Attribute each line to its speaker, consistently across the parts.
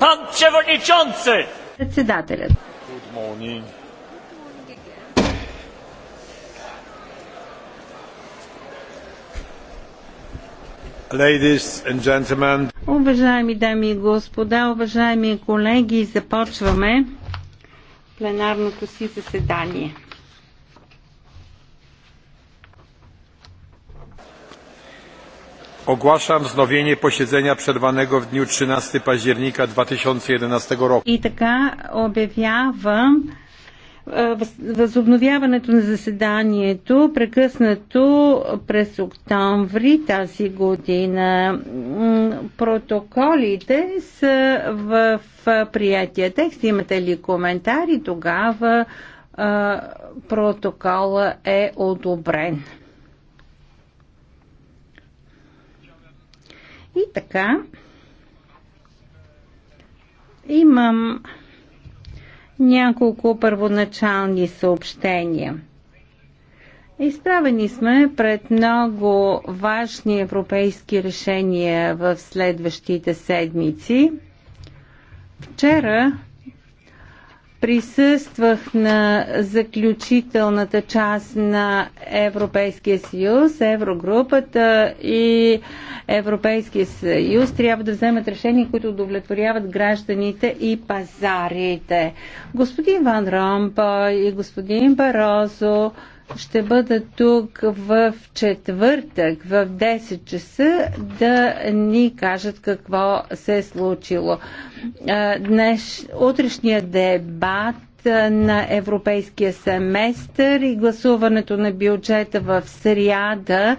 Speaker 1: Pan przewodniczący! Председателят. Good morning. Ladies and gentlemen. Уважаеми дами и господа, уважаеми колеги, започваме пленарното си заседание. Ogłaszam wznowienie posiedzenia przerwanego w dniu 13 października 2011 roku. И така обявявам възобновяването на заседанието, прекъснато през октомври тази година. Протоколите са в приятия текст. Имате ли коментари? Тогава протокола е одобрен. И така, имам няколко първоначални съобщения. Изправени сме пред много важни европейски решения в следващите седмици. Вчера присъствах на заключителната част на Европейския съюз, Еврогрупата и Европейския съюз трябва да вземат решения, които удовлетворяват гражданите и пазарите. Господин Ван Ромпа и господин Барозо ще бъда тук в четвъртък в 10 часа да ни кажат какво се е случило. Днеш, утрешният дебат на европейския семестър и гласуването на бюджета в сряда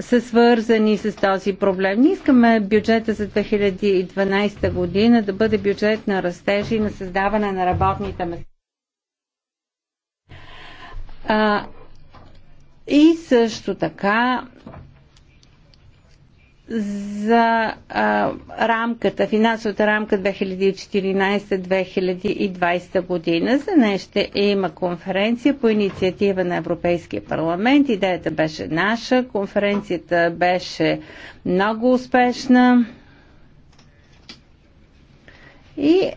Speaker 1: са свързани с този проблем. Ние искаме бюджета за 2012 година да бъде бюджет на растежи и на създаване на работните места. А, и също така за а, рамката, финансовата рамка 2014-2020 година. За нея ще има конференция по инициатива на Европейския парламент. Идеята беше наша, конференцията беше много успешна. И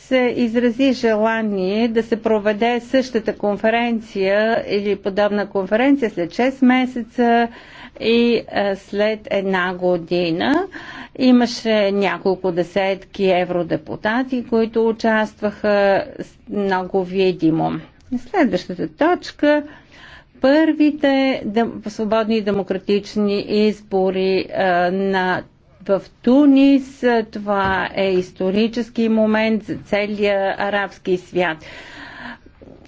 Speaker 1: се изрази желание да се проведе същата конференция или подобна конференция след 6 месеца и след една година. Имаше няколко десетки евродепутати, които участваха много видимо. Следващата точка първите свободни демократични избори на в Тунис. Това е исторически момент за целия арабски свят.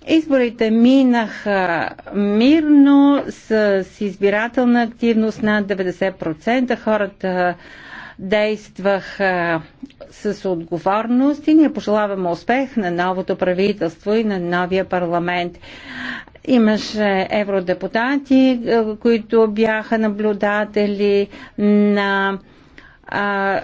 Speaker 1: Изборите минаха мирно с избирателна активност над 90%. Хората действаха с отговорност и ние пожелаваме успех на новото правителство и на новия парламент. Имаше евродепутати, които бяха наблюдатели на а,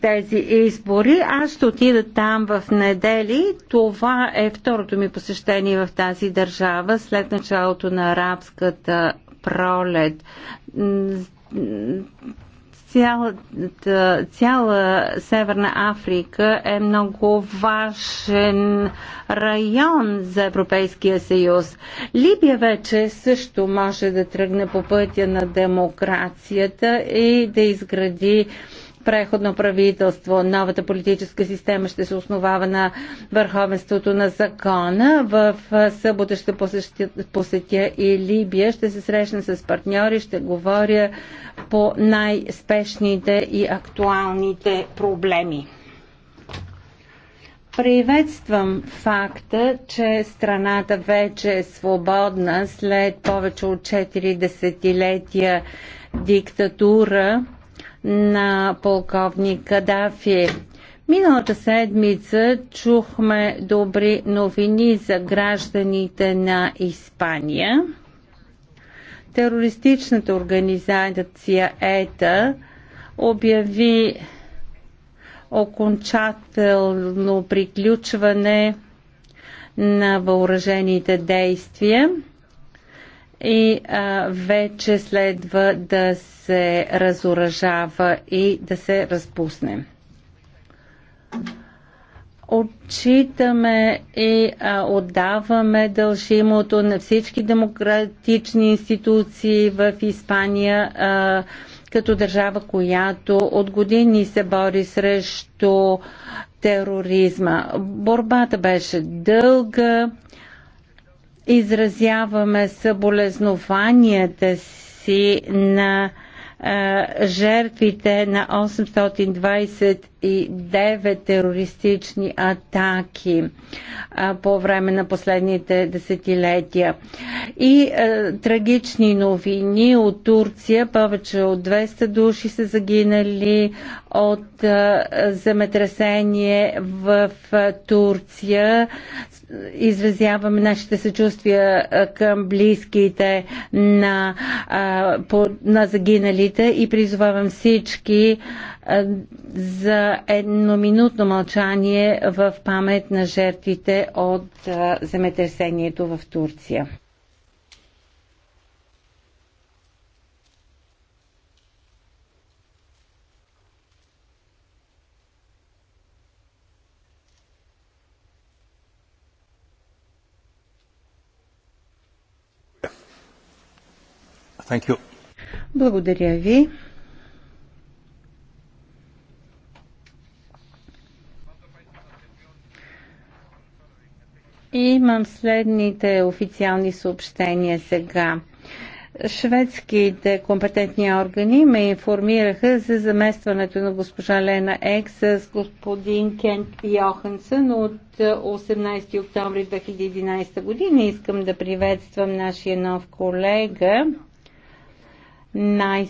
Speaker 1: тези избори. Аз ще отида там в недели. Това е второто ми посещение в тази държава след началото на арабската пролет цялата, цяла Северна Африка е много важен район за Европейския съюз. Либия вече също може да тръгне по пътя на демокрацията и да изгради преходно правителство. Новата политическа система ще се основава на върховенството на закона. В събота ще посетя, посетя и Либия. Ще се срещна с партньори, ще говоря по най-спешните и актуалните проблеми. Приветствам факта, че страната вече е свободна след повече от 4 десетилетия диктатура на полковник Кадафи. Миналата седмица чухме добри новини за гражданите на Испания. Терористичната организация ЕТА обяви окончателно приключване на въоръжените действия и а, вече следва да се разоръжава и да се разпусне. Отчитаме и а, отдаваме дължимото на всички демократични институции в Испания. А, като държава, която от години се бори срещу тероризма. Борбата беше дълга, изразяваме съболезнованията си на жертвите на 820 девет терористични атаки а, по време на последните десетилетия. И а, е, трагични новини от Турция. Повече от 200 души са загинали от а, е, земетресение в а, е, Турция. Изразяваме нашите съчувствия а, към близките на, а, по, на загиналите и призовавам всички а, за едноминутно мълчание в памет на жертвите от земетресението в Турция. Thank you. Благодаря ви. Имам следните официални съобщения сега. Шведските компетентни органи ме информираха за заместването на госпожа Лена Ек с господин Кент Йохансън от 18 октомври 2011 година. Искам да приветствам нашия нов колега. Най-